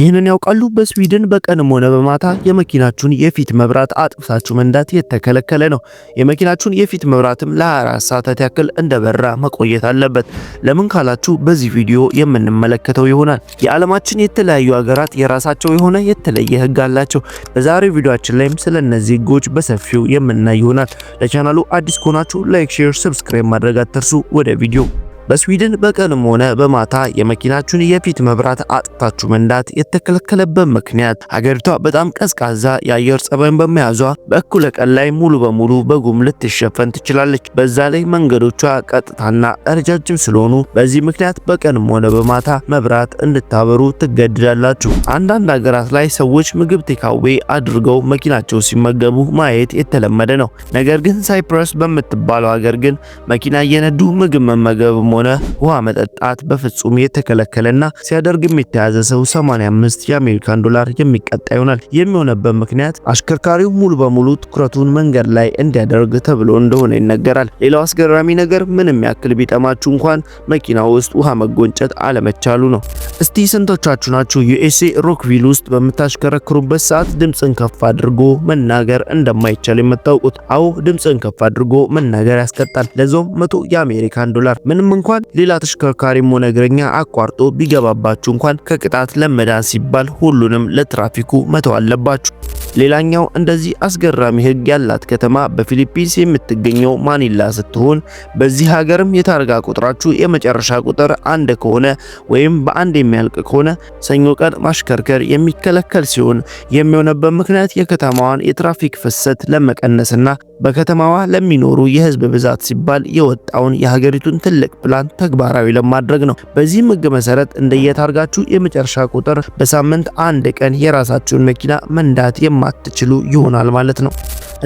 ይህንን ያውቃሉ? በስዊድን በቀንም ሆነ በማታ የመኪናችሁን የፊት መብራት አጥፍታችሁ መንዳት የተከለከለ ነው። የመኪናችሁን የፊት መብራትም ለ24 ሰዓታት ያክል እንደበራ መቆየት አለበት። ለምን ካላችሁ በዚህ ቪዲዮ የምንመለከተው ይሆናል። የዓለማችን የተለያዩ ሀገራት የራሳቸው የሆነ የተለየ ህግ አላቸው። በዛሬው ቪዲዮአችን ላይም ስለ እነዚህ ህጎች በሰፊው የምናይ ይሆናል። ለቻናሉ አዲስ ከሆናችሁ ላይክ፣ ሼር፣ ሰብስክራይብ ማድረግ አትርሱ። ወደ ቪዲዮ በስዊድን በቀንም ሆነ በማታ የመኪናችሁን የፊት መብራት አጥታችሁ መንዳት የተከለከለበት ምክንያት ሀገሪቷ በጣም ቀዝቃዛ የአየር ጸባይን በመያዟ በእኩለ ቀን ላይ ሙሉ በሙሉ በጉም ልትሸፈን ትችላለች። በዛ ላይ መንገዶቿ ቀጥታና ረጃጅም ስለሆኑ በዚህ ምክንያት በቀንም ሆነ በማታ መብራት እንድታበሩ ትገድዳላችሁ። አንዳንድ ሀገራት ላይ ሰዎች ምግብ ቴካዌ አድርገው መኪናቸው ሲመገቡ ማየት የተለመደ ነው። ነገር ግን ሳይፕረስ በምትባለው ሀገር ግን መኪና እየነዱ ምግብ መመገብም ሆነ ውሃ መጠጣት በፍጹም የተከለከለና ሲያደርግም የተያዘ ሰው 85 የአሜሪካን ዶላር የሚቀጣ ይሆናል። የሚሆነበት ምክንያት አሽከርካሪው ሙሉ በሙሉ ትኩረቱን መንገድ ላይ እንዲያደርግ ተብሎ እንደሆነ ይነገራል። ሌላው አስገራሚ ነገር ምንም ያክል ቢጠማችሁ እንኳን መኪና ውስጥ ውሃ መጎንጨት አለመቻሉ ነው። እስቲ ስንቶቻችሁ ናችሁ ዩኤስኤ ሮክቪል ውስጥ በምታሽከረክሩበት ሰዓት ድምፅን ከፍ አድርጎ መናገር እንደማይቻል የምታውቁት? አዎ ድምፅን ከፍ አድርጎ መናገር ያስቀጣል። ለዞም መቶ የአሜሪካን ዶላር ምንም እንኳን ሌላ ተሽከርካሪም ሆነ እግረኛ አቋርጦ ቢገባባችሁ እንኳን ከቅጣት ለመዳን ሲባል ሁሉንም ለትራፊኩ መተው አለባችሁ። ሌላኛው እንደዚህ አስገራሚ ህግ ያላት ከተማ በፊሊፒንስ የምትገኘው ማኒላ ስትሆን በዚህ ሀገርም የታርጋ ቁጥራችሁ የመጨረሻ ቁጥር አንድ ከሆነ ወይም በአንድ የሚያልቅ ከሆነ ሰኞ ቀን ማሽከርከር የሚከለከል ሲሆን የሚሆነበት ምክንያት የከተማዋን የትራፊክ ፍሰት ለመቀነስና በከተማዋ ለሚኖሩ የህዝብ ብዛት ሲባል የወጣውን የሀገሪቱን ትልቅ ፕላን ተግባራዊ ለማድረግ ነው። በዚህም ህግ መሰረት እንደየታርጋችሁ የመጨረሻ ቁጥር በሳምንት አንድ ቀን የራሳችሁን መኪና መንዳት የማ የማትችሉ ይሆናል ማለት ነው።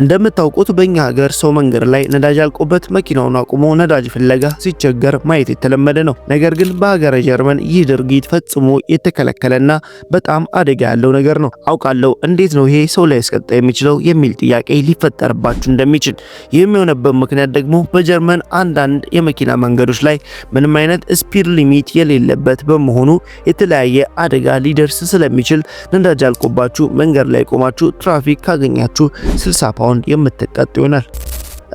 እንደምታውቁት በእኛ ሀገር ሰው መንገድ ላይ ነዳጅ አልቆበት መኪናውን አቁሞ ነዳጅ ፍለጋ ሲቸገር ማየት የተለመደ ነው። ነገር ግን በሀገረ ጀርመን ይህ ድርጊት ፈጽሞ የተከለከለና በጣም አደጋ ያለው ነገር ነው። አውቃለሁ እንዴት ነው ይሄ ሰው ላይ ያስቀጣ የሚችለው የሚል ጥያቄ ሊፈጠርባችሁ እንደሚችል። ይህም የሆነበት ምክንያት ደግሞ በጀርመን አንዳንድ የመኪና መንገዶች ላይ ምንም አይነት ስፒድ ሊሚት የሌለበት በመሆኑ የተለያየ አደጋ ሊደርስ ስለሚችል ነዳጅ አልቆባችሁ መንገድ ላይ ቆማችሁ ትራፊክ ካገኛችሁ 60 ፓውንድ የምትቀጥ ይሆናል።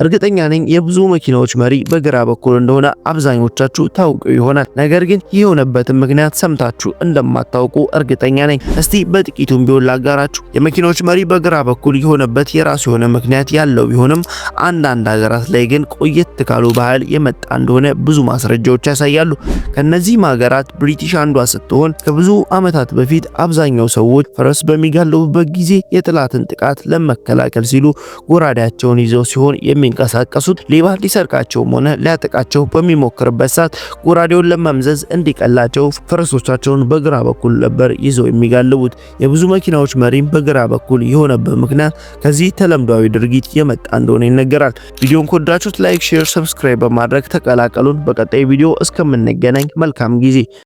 እርግጠኛ ነኝ የብዙ መኪናዎች መሪ በግራ በኩል እንደሆነ አብዛኞቻችሁ ታውቁ ይሆናል። ነገር ግን የሆነበትን ምክንያት ሰምታችሁ እንደማታውቁ እርግጠኛ ነኝ። እስቲ በጥቂቱም ቢሆን ላጋራችሁ። የመኪናዎች መሪ በግራ በኩል የሆነበት የራሱ የሆነ ምክንያት ያለው ቢሆንም አንዳንድ ሀገራት ላይ ግን ቆየት ካሉ ባህል የመጣ እንደሆነ ብዙ ማስረጃዎች ያሳያሉ። ከነዚህም ሀገራት ብሪቲሽ አንዷ ስትሆን ከብዙ ዓመታት በፊት አብዛኛው ሰዎች ፈረስ በሚጋልቡበት ጊዜ የጠላትን ጥቃት ለመከላከል ሲሉ ጎራዳቸውን ይዘው ሲሆን የሚ የሚንቀሳቀሱት ሌባ ሊሰርቃቸውም ሆነ ሊያጠቃቸው በሚሞክርበት ሰዓት ጎራዴውን ለመምዘዝ እንዲቀላቸው ፈረሶቻቸውን በግራ በኩል ነበር ይዘው የሚጋልቡት። የብዙ መኪናዎች መሪም በግራ በኩል የሆነበት ምክንያት ከዚህ ተለምዷዊ ድርጊት የመጣ እንደሆነ ይነገራል። ቪዲዮን ከወዳችሁት ላይክ፣ ሼር፣ ሰብስክራይብ በማድረግ ተቀላቀሉን። በቀጣይ ቪዲዮ እስከምንገናኝ መልካም ጊዜ